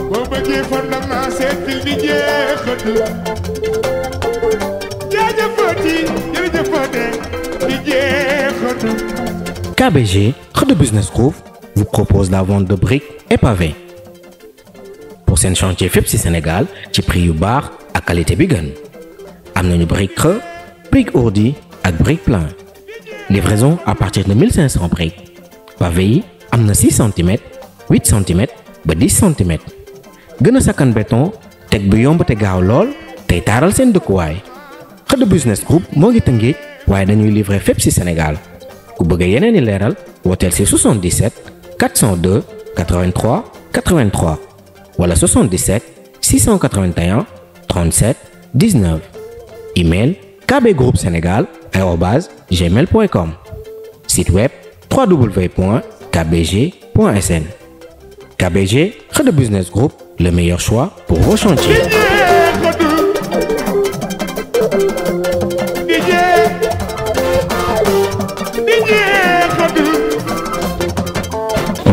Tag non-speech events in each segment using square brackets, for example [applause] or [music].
boo bëggee fan nag naa seetil di jeexat jaajëfati jërëjëfate di jeexat KBG Kheude Business Group vous propose la vente de briques et pavés pour seen chantier fépp ci Sénégal ci prix yu baax ak qualité bi gën am nañu briques creux briques ordi ak briques plein livraison à partir de 1500 briques pavé yi am na 6 centimètres 8 centimètres ba 10 centimètres gën a sakkan béton teg bu yomb te gaaw lool tey taaral seen dëkkuwaay xëdd business group moo ngi tëngéej waaye dañuy livrer fépp ci Sénégal ku bëgg yeneen i leeral wooteel ci 77 402 83 83 wala 77 681 37 19 email kbgroupesenegal@gmail.com site web www.kbg.sn kbg xëdd business group. le meilleur choix pour vos chantiers.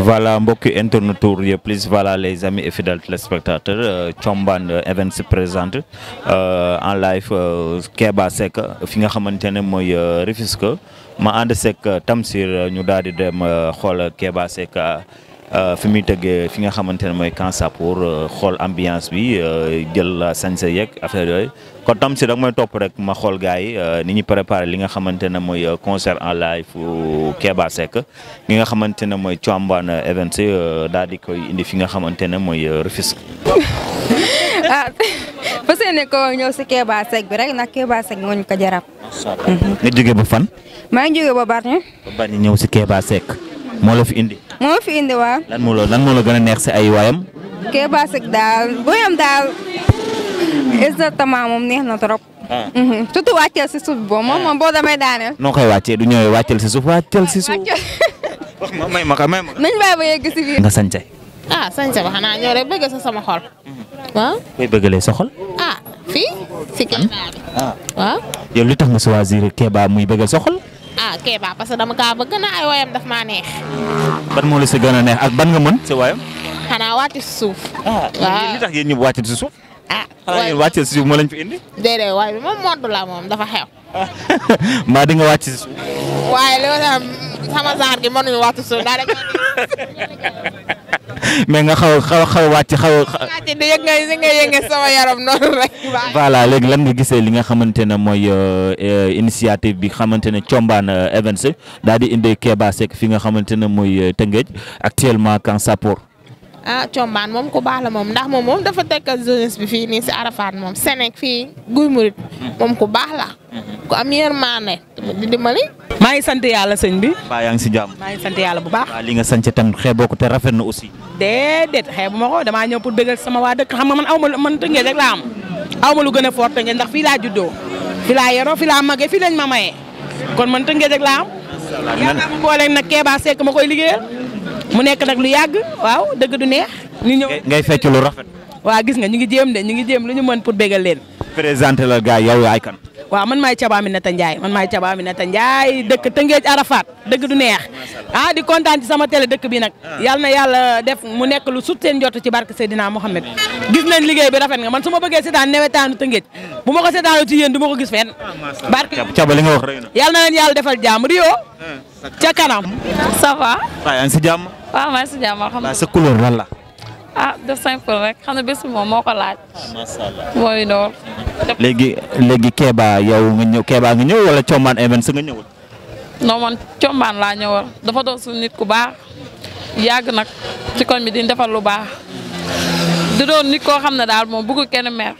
voilà mbokki internet tour yëpp plus voilà les amis et fidèles téléspectateurs euh, Thiombane euh, event se présente euh, en live Keba fi nga xamante ne mooy Rufisque ma ànd Seck Tamsir ñu daal di dem xool Keba Euh, fi muy tëggee fi nga xamante ne mooy Camp pour euh, xool ambiance bi euh, jël sañse yeeg affaire yooyu kon tam si da topp rek ma xool gars yi ni ñu préparé li nga xamante ne mooy concert en live Keba Seck li nga xamante ne mooy Thiamban event daal di koy indi fi nga xamante ne mooy Rufisque. [laughs] ah fas yéene ko ñëw si Keba Seck bi rek ndax Keba Seck nga jógee ba fan. maa ngi ba Bargny. ñëw si Keba Seck. moo la fi indi. moo la fi indi waaw. lan moo la lan gën a neex si ay waayam. Kéba Seck daal booyam daal exactement moom neex na trop. Ah. Mhm. surtout wàcceel si suuf boobu moom moom boo demee daaneel. noo koy wàccee du ñëwee wàcceel si suuf wàcceel si suuf. wax ma may ma ka may ma ka. nañ bàyyi ba yegg si biir. nga ah, sañse. ba xanaa ñëw rek bëgg sa sama xol. Mhm. waaw. koy bëggalee sa xol. ah fii. si Kéba hmm? bi. Ah. muy bëggal sa xol. ah Kéba parce que dama ka bëgg na ay woyam daf maa neex. ban moo la si gën a neex ak ban nga mën si woyam. xanaa wàcc si suuf. ah li tax wàcc si suuf. ah lañ fi indi. déedéet waay bi moom moddu la moom dafa xew. [laughs] mbaa di nga wàcc si suuf. waaye li ma sama genre gi mënuñu wàcc si suuf daal [laughs] mais nga xaw xaw xaw wàcc xaw voilà léegi lan nga gisee li nga xamante ne mooy euh, euh, initiative bi xamante ne Thiombane euh, Events daal di indee Keba Seck fi nga xamante ne mooy Tëngéej actuellement Camp Sapor ah combaan moom ku baax la moom ndax moom moom dafa tekkal jeunesse bi fii nii si Arafat moom Sénégal fii Guy Murit moom ku baax la. ku am yërmande di maa ngi sant yàlla sëñ bi. mbaa yaa si jàmm. maa ngi sant yàlla bu baax. li nga sant tam xeeboo ko te rafet na aussi. déedéet xeebu ma ko damaa ñëw pour bégal sama waa dëkk xam nga man aw ma man Tëngéej rek laa am aw ma lu gën a fort Tëngéej ndax fii laa juddoo fii laa yoroo fii laa màggee fii lañ ma maye kon man Tëngéej rek laa am. yàlla na ma booleeg mu nekk nag lu yàgg waaw dëgg du neex. ñu ñëw ngay fecc lu rafet. waaw gis nga ñu ngi jéem de ñu ngi jéem lu ñu man pour bégal leen. présenté la gars yow yaay kan. waaw man maay Thiaba Aminata Ndiaye man maay Thiaba Aminata Ndiaye dëkk Tëngéej Arafat dëgg du neex ah di kontaan ci sama télé dëkk bi nag ah. yal na yàlla def mu nekk lu sut seen jot ci barke Seydina Mohamed gis nañ liggéey bi rafet nga man su ma bëggee seetaan newetaanu Tëngéej bu ma ko seetaanoo ci yéen du ma ko gis fenn. Ah, barke Thiaba li nga wax rëy na. yal defal jàmm Rio. Ah. ca kanam. ça va. waaw yaa ngi si jàmm. waaw maa ngi si jàmm couleur lan la. ah de simple rek xam ne bés bi moom moo ko laaj. macha mooy noor. léegi léegi Kéba nga ñëw wala Combaan Events nga ñëwul. non Combaan laa ñëwal dafa doon suñu nit ku baax yàgg nag ci koñ bi di defal lu baax di doon nit koo xam ne daal moom bëgg kenn mer.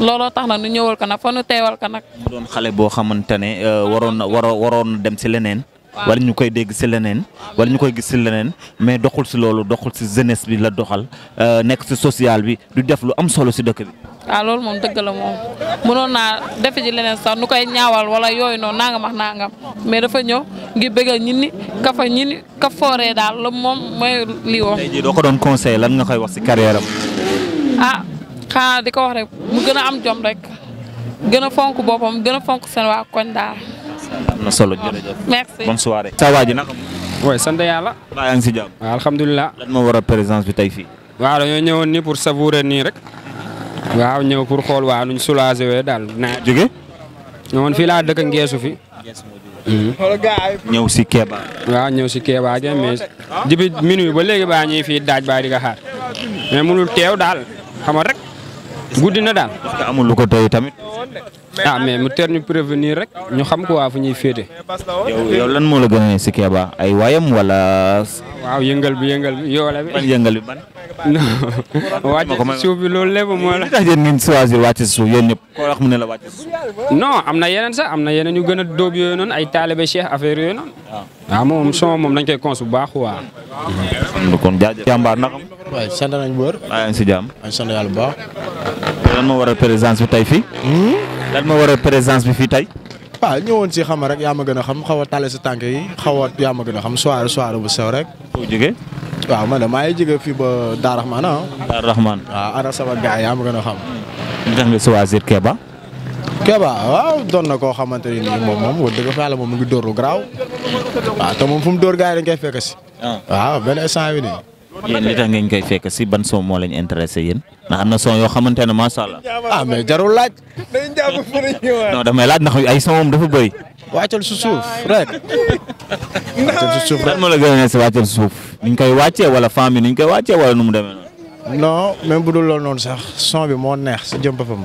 looloo tax na nu ñëwal ko nag fa nu teewal ko nag. doon xale boo xamante ne euh, waroon na waroon dem si leneen. wala ñu koy dégg si leneen wala ñu koy gis si leneen mais doxul si loolu doxul si jeunesse bi la doxal euh, nekk si social bi du def lu am solo si dëkk bi. waaw ah, loolu moom dëgg la moom mënoon naa def ci leneen sax nu koy ñaawal wala yooyu noonu nangam ak nangam mais dafa ñëw ngir bëggal ñin ni ka fa daal la moom mooy lii doo ko doon conseil lan nga koy wax si carrière am. ah xanaa di ko wax rek mu gën a am jom rek gën a fonk boppam gën a fonk seen waa koñ daal. am na solo jërëjëf. merci bonne soirée. saa ji naka. waaw sant yàlla. si jàmm. waaw alhamdulilah. lan moo waral présence bi tey fii. waaw dañoo ñëwoon nii pour savourer nii rek. waaw ñëw pour xool waa nuñ soulager wee daal naa jóge. ñëwoon fii laa dëkk Ngeesu fi. Hmm. ñëw si Kéba. waaw ñëw si Kéba ge mais ah? depuis minuit ba léegi baa ñuy fii daaj baa di xaar mais munul teew daal xam rek. guddi na daal. parce amul lu ko tey tamit. ah mais mu teel ñu prévenir rek ñu xam ko waa fu ñuy féete. yow yow lan moo la gën a si Keba ay waayam wala. waaw yëngal bi yëngal bi yoo la. ban yëngal bi ban. [laughs] loolu lépp moo la. li tax ngeen choisir wàcc la wàcc si am na yeneen sax am na yeneen ñu gën a dóob yooyu noonu ay taalibe cheikh affaire yooyu noonu. waaw ah. ah, moom son moom nañ koy cons bu baax waa. kon jaajëf jàmbaar na waaw sant nañ bu wër. waaw yaa si jàmm. maa sant yàlla bu baax. lan moo présence bi tey fii. Hmm? lan moo waral présence bi fii tey. waaw ñëwoon si xam rek yaa ma gën a xam xaw a tale sa tànk yi xaw a yaa ma gën a xam soirée soirée bu sew rek. foo jógee. waaw man de maa ngi jógee fii ba Daara Rahman ah. Daara Rahman. a ana sama yaa ma gën a xam. li tax nga choisir Kéba. Kéba waaw doon na koo xamante ne nii moom moom wax dëgg fa yàlla moom mu ngi dóor lu garaaw. waaw te moom fu mu dóor gars yi dañ si. Ah. waaw benn instant yéen li tax ngeen koy fekk si ban soom moo lañ intéressé yéen ndax am na son yoo xamante ne macha allah. ah mais jarul laaj. non damay laaj ndax ay son moom dafa bëri. wàccal su suuf rek. wàccal su suuf rek lan moo la gën a ne si wàccal su suuf. ni ñu koy wàccee wala femme ni ñu koy wàccee wala nu mu demee noonu. non même bu dul noonu sax son bi moo neex si jëm mu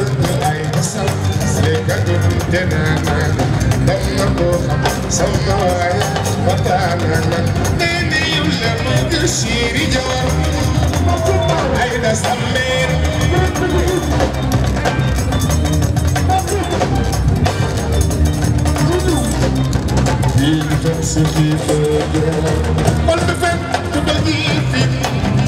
màggal dinaa màggal dem na koo xam sama waay waxtaan naa nag nee na yow la ma gën siiri jawar ay da sammeer lii di fekk si fii fee jawar xol bi fekk du bëgg fii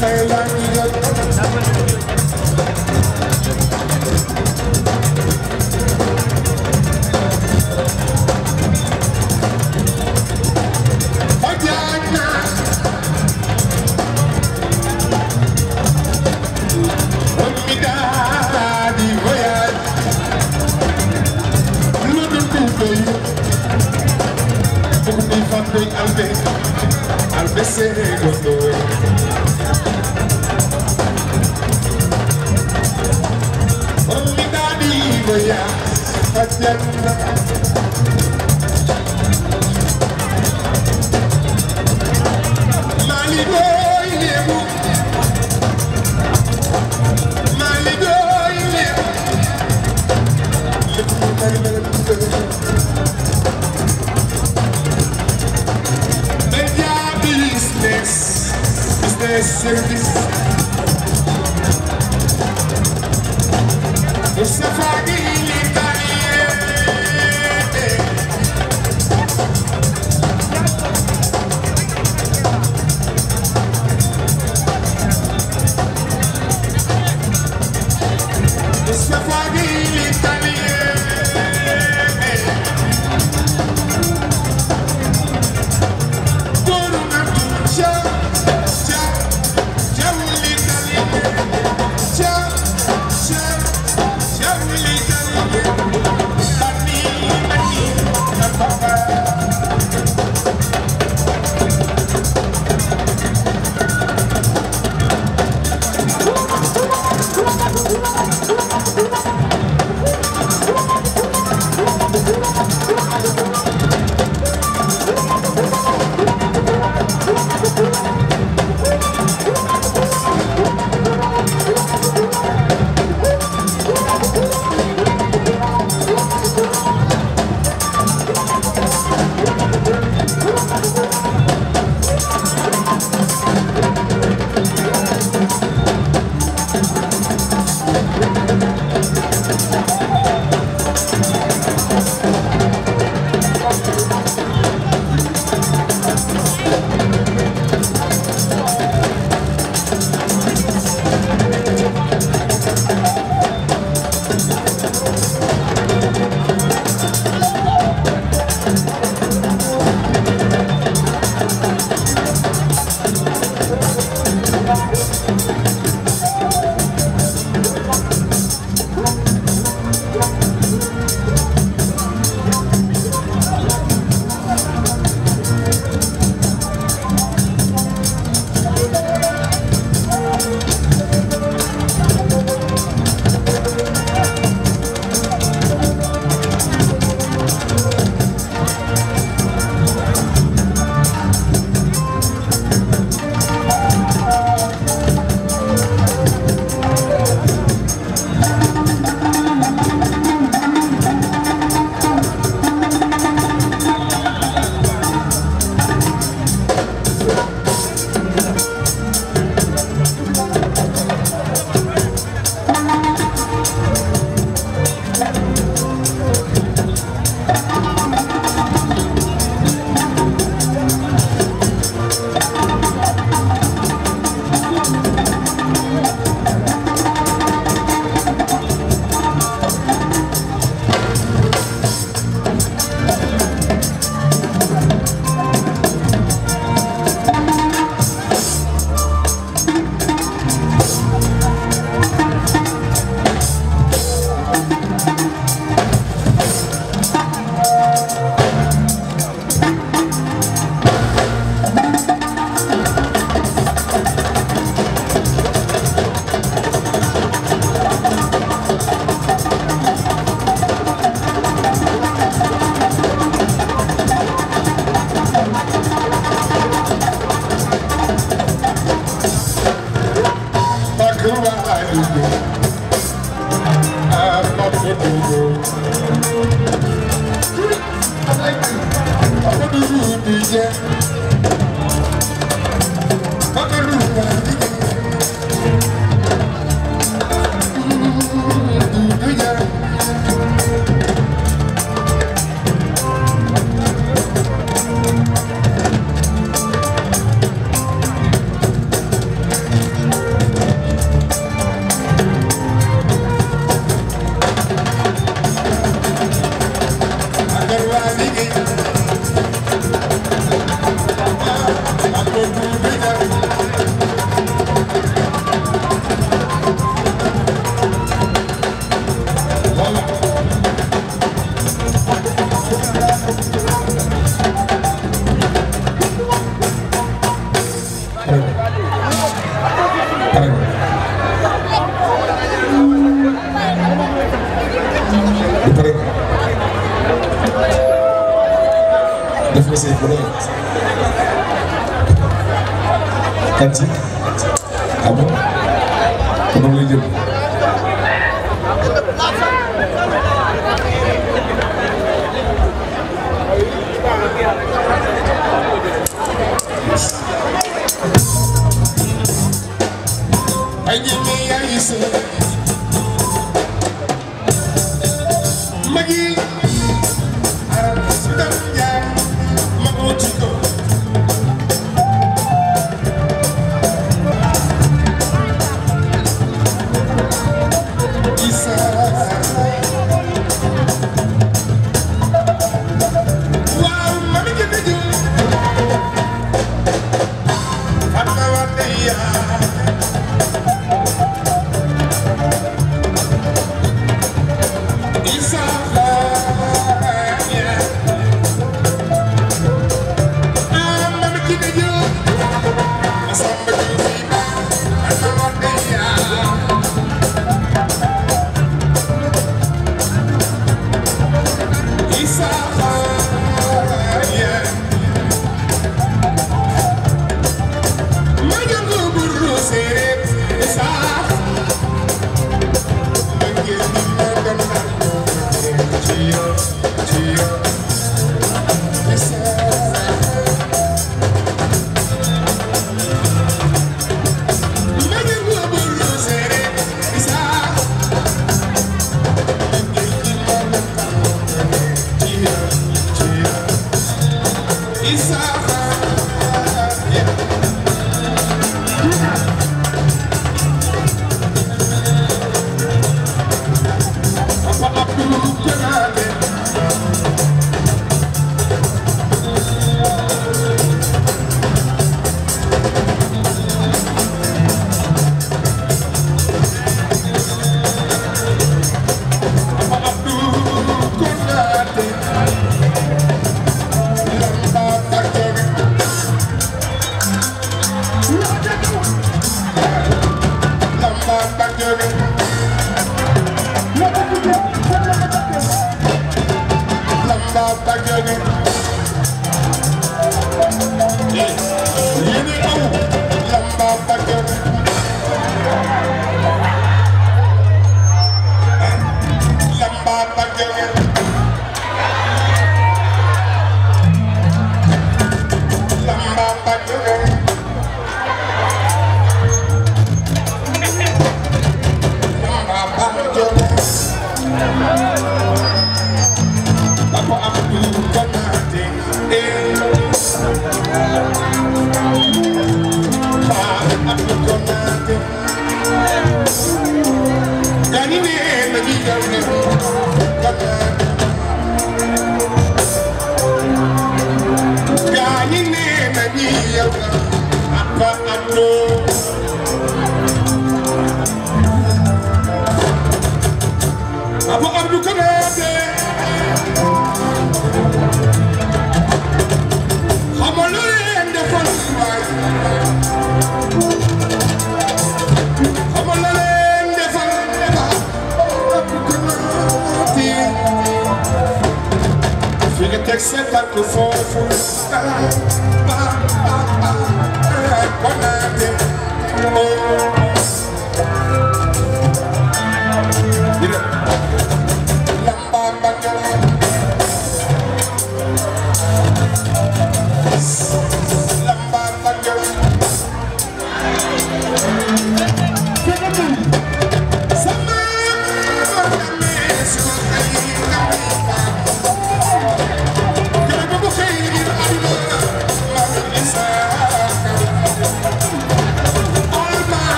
Thailand,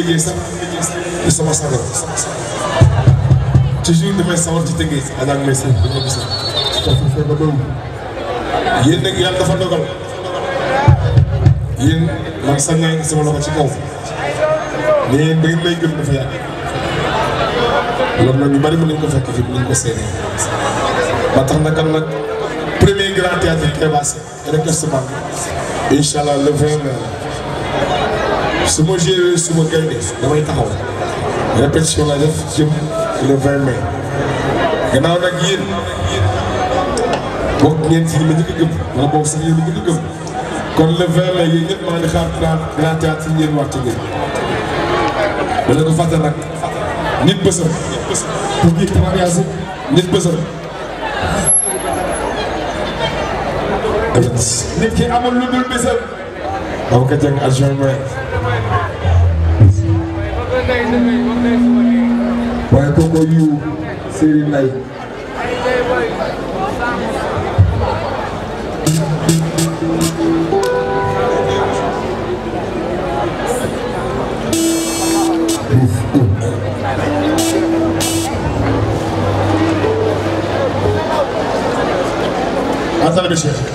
tëggee sax di sama sagar toujours damay sawar ci tëggee ala may seen bi ma gisee foofu foofu boobu yéen nag yàlla dafa dogal yéen man sax naa ngi sama loxo ci kaw mais yéen da ngeen may gëm dafa yàgg loolu nag ñu bari mën nañu ko fekk fii mën ko seede ba tax na kan nag premier grand théâtre Kéba Seck rek incha allah le 20 su ma joué su ma gaynde damay taxaw répétition la def jëm le 20 mai gannaaw nag yéen bokk ngeen ci li ma njëkk a gëm wala bokk sax yéen a njëkk a gëm kon le 20 mai yéen ñëpp maa ngi xaar grand théâtre yi ngeen waxtu ngeen dana ko fàtte nag nit bësam pour dire tamariage nit bësam nit ki amul lu dul bësam dama ko jàng adjoint yu Serigne Mbaye Atal bi Cheikh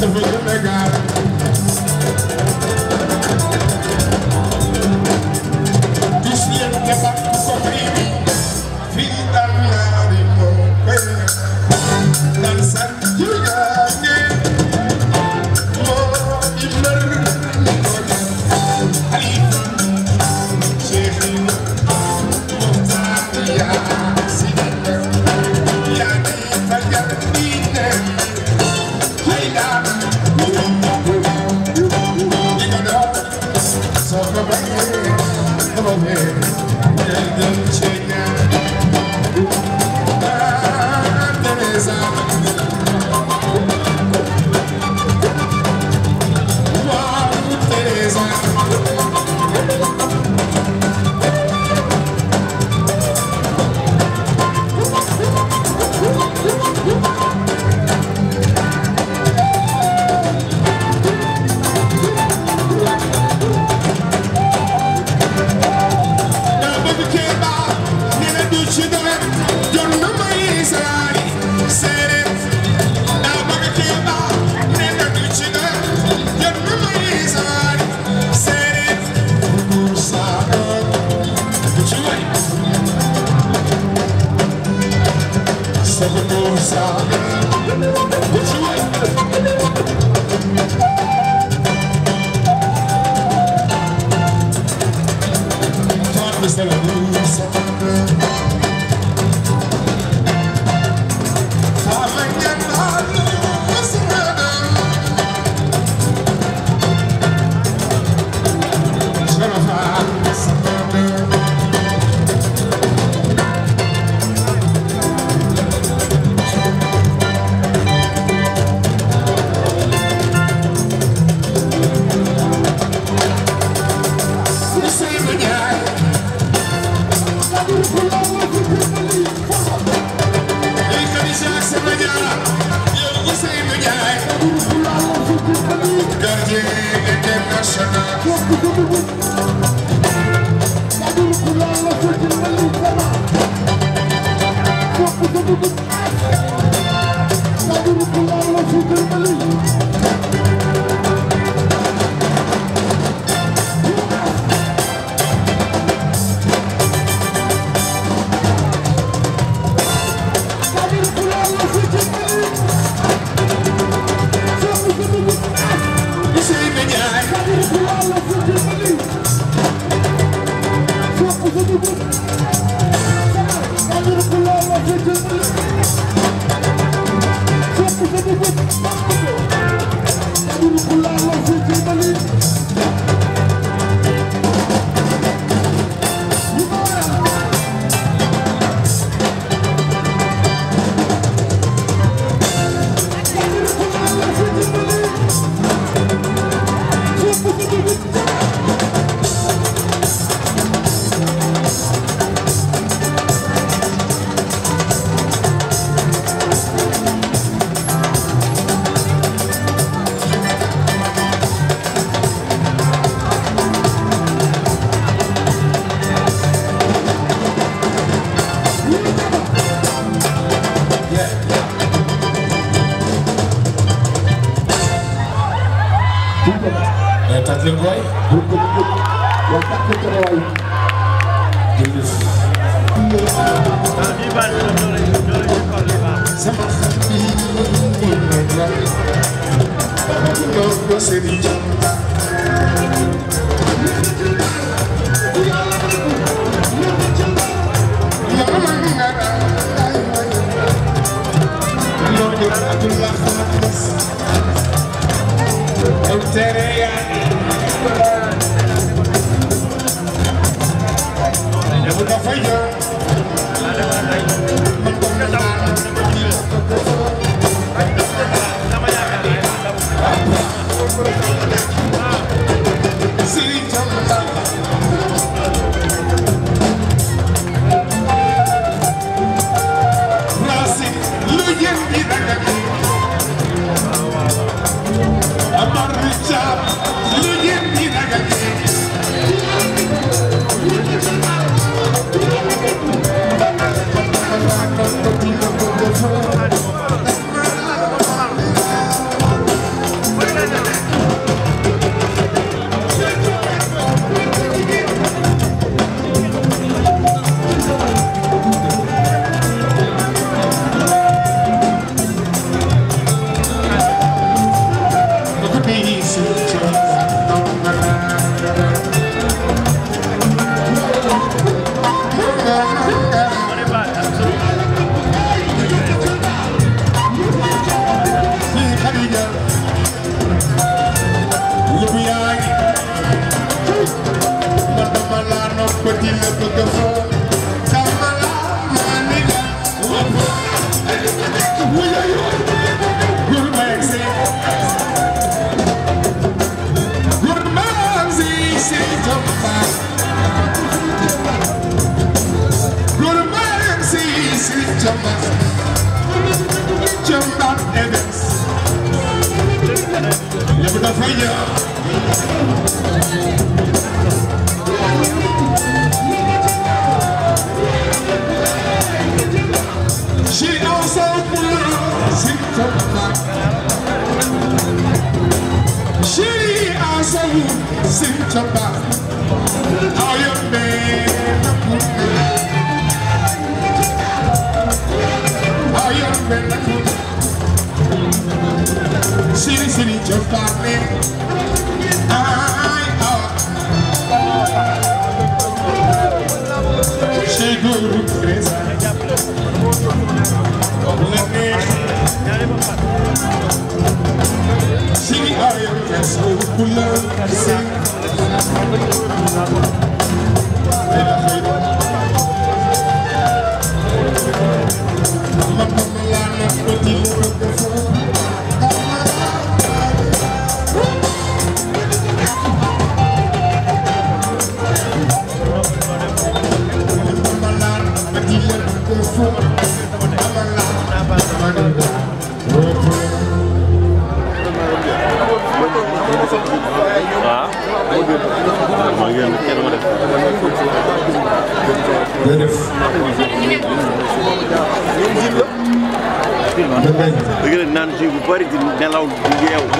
Você foi delegado. Thank you.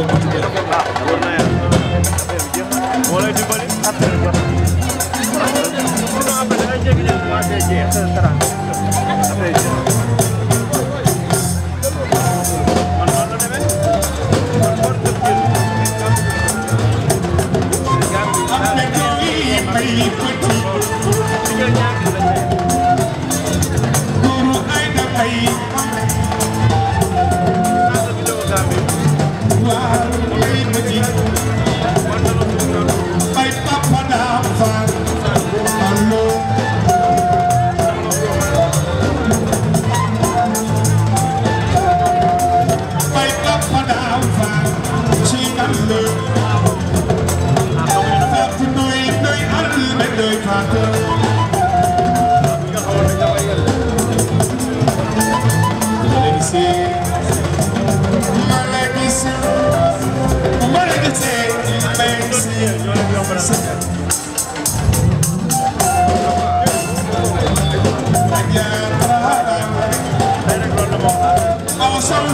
waaw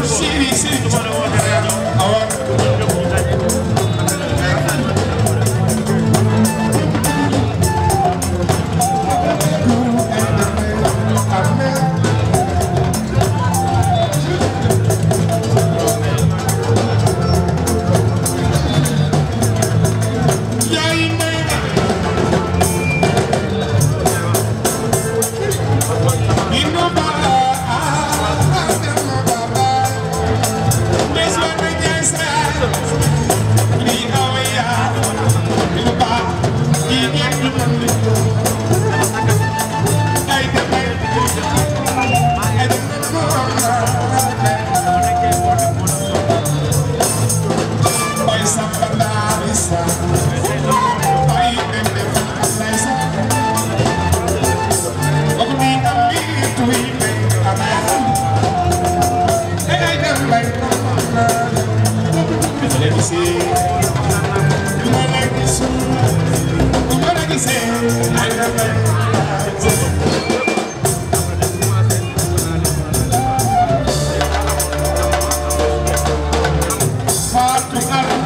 Serigne Serigne Touba la woote Macky Sall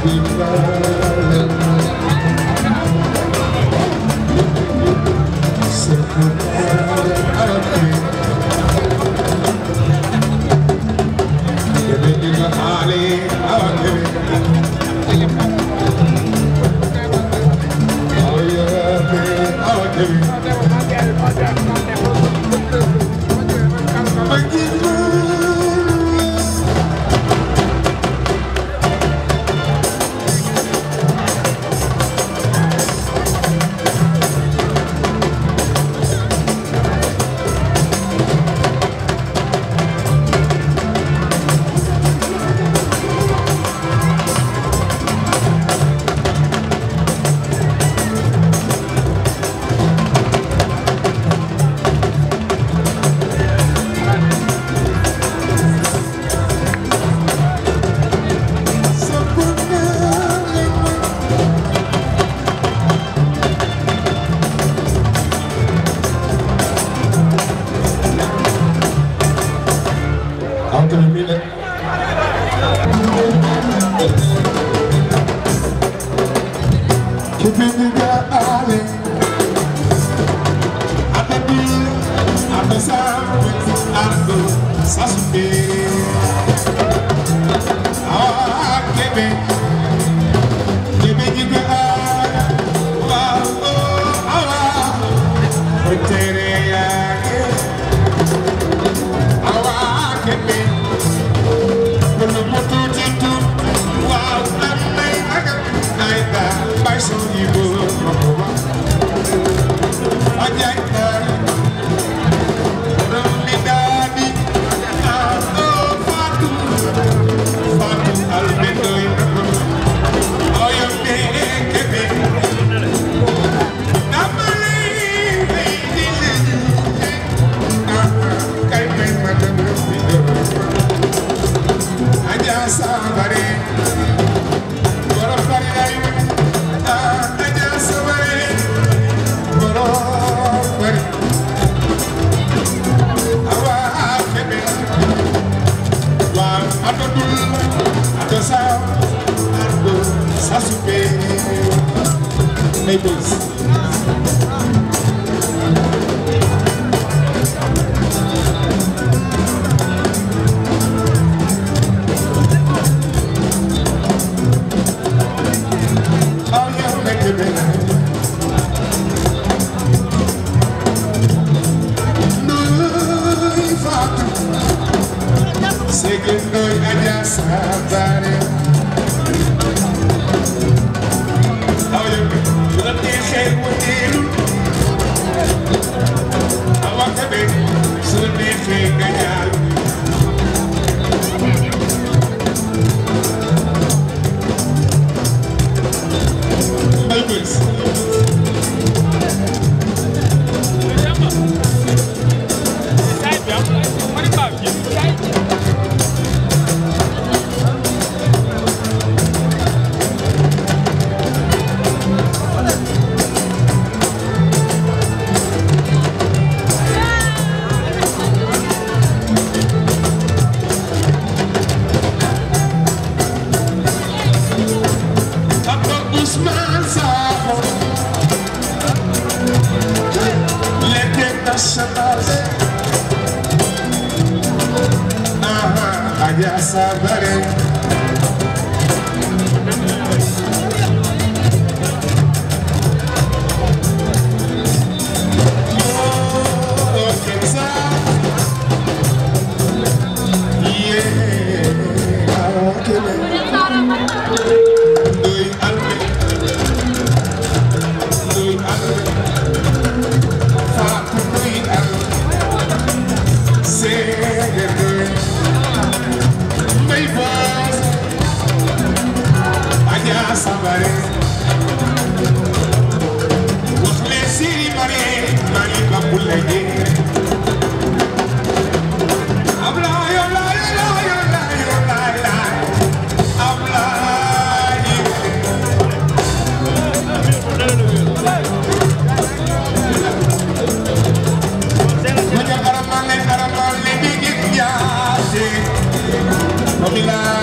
Thank you. Sasuke Naples. somebody Motilal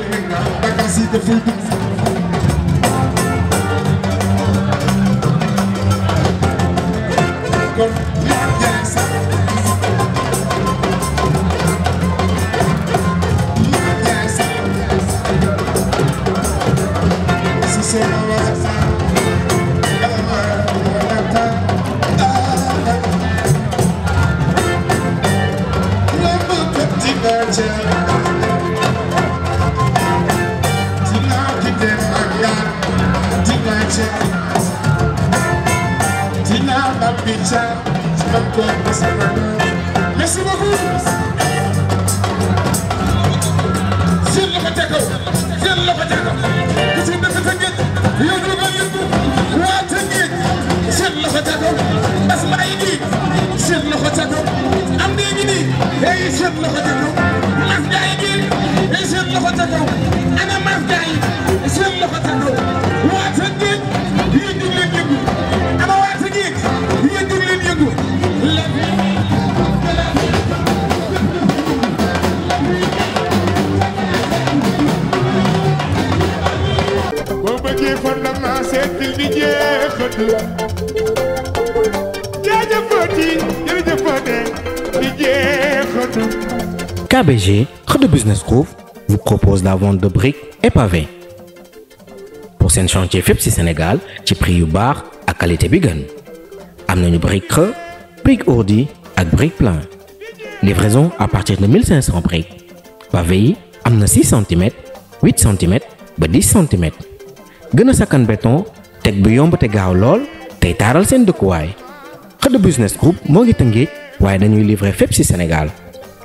Dakar City summer ABG, de Business Group vous propose la vente de briques et pour seen chantier fépp ci Sénégal ci prix yu baax ak qualité bi gën am nañu brique creux brique ourdi ak brique plein livraison à partir de 1500 briques pavé yi am na 6 centimètres 8 centimètres ba 10 centimètres gën a sakkan béton teg bu yomb te gaaw lool tey taaral seen dëkkuwaay xëdd business group moo ngi tëngéej waaye dañuy livrer fépp ci Sénégal